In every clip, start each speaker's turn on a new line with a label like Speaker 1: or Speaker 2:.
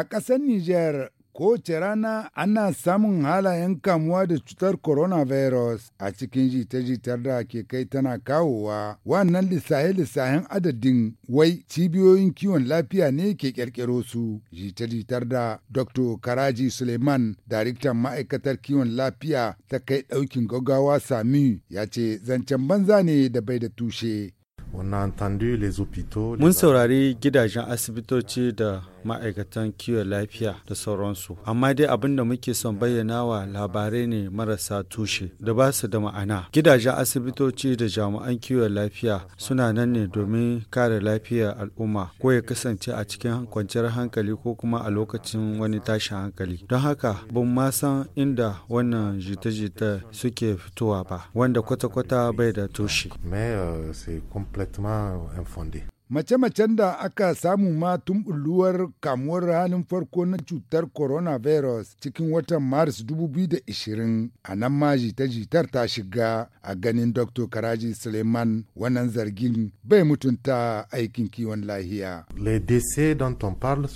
Speaker 1: A ƙasar Nijar, kowace rana ana samun halayen kamuwa da cutar coronavirus a cikin jita-jitar da ke kai tana kawowa wannan lissaye-lissayen adadin wai cibiyoyin kiwon lafiya ne ke kirkiro su jita-jitar da dr karaji suleiman daraktan ma'aikatar kiwon lafiya ta kai ɗaukin gaggawa sami ya ce zancen banza ne da bai da tushe Mun
Speaker 2: saurari gidajen asibitoci da ma'aikatan kiwon lafiya da sauransu, amma dai abin da muke son bayyana wa labarai ne marasa tushe da ba su da ma'ana. Gidajen asibitoci da jami'an kiwon lafiya suna nan ne domin kare lafiyar al'umma ko ya kasance a cikin kwanciyar hankali ko kuma a lokacin wani tashin hankali. Don haka, ban ma san inda wannan jita-jita suke fitowa ba, wanda kwata-kwata bai da tushe. Euh, complètement infondée.
Speaker 1: Mace-macen da aka samu ma tun bulluwar kamuwar halin farko na cutar coronavirus cikin watan Maris 2020 a nan ma jita-jitar ta shiga a ganin Dr. Karaji Suleiman wannan zargin bai mutunta aikin kiwon lahiya.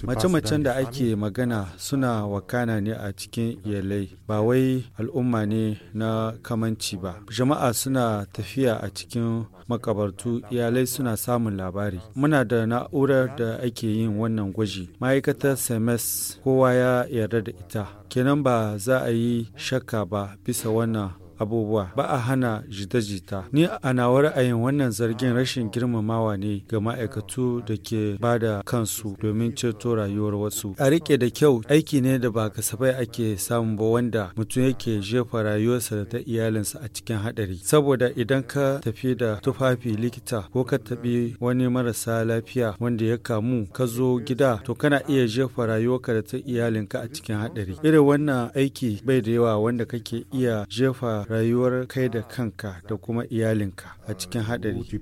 Speaker 1: Mace-macen da ake
Speaker 2: magana suna wakana ne a cikin iyalai ba wai al'umma ne na kamanci ba. Jama'a suna tafiya a cikin makabartu iyalai suna samun labari. muna da na'urar da ake yin wannan gwaji ma'aikatar sms kowa ya yarda da ita kenan ba za a yi shakka ba bisa wannan abubuwa ba a hana jita-jita ni a nawa ra'ayin wannan zargin rashin girmamawa ne ga ma'aikatu da ke ba da kansu domin ceto rayuwar wasu a rike da kyau aiki ne da ba kasafai ake samu ba wanda mutum yake jefa rayuwarsa da ta iyalinsa a cikin haɗari saboda idan ka tafi da tufafi likita ko ka taɓi wani marasa lafiya wanda ya kamu ka zo gida to kana iya jefa rayuwarka da ta iyalinka a cikin haɗari irin wannan aiki bai da yawa wanda kake iya jefa rayuwar kai da kanka da kuma iyalinka a cikin haɗari.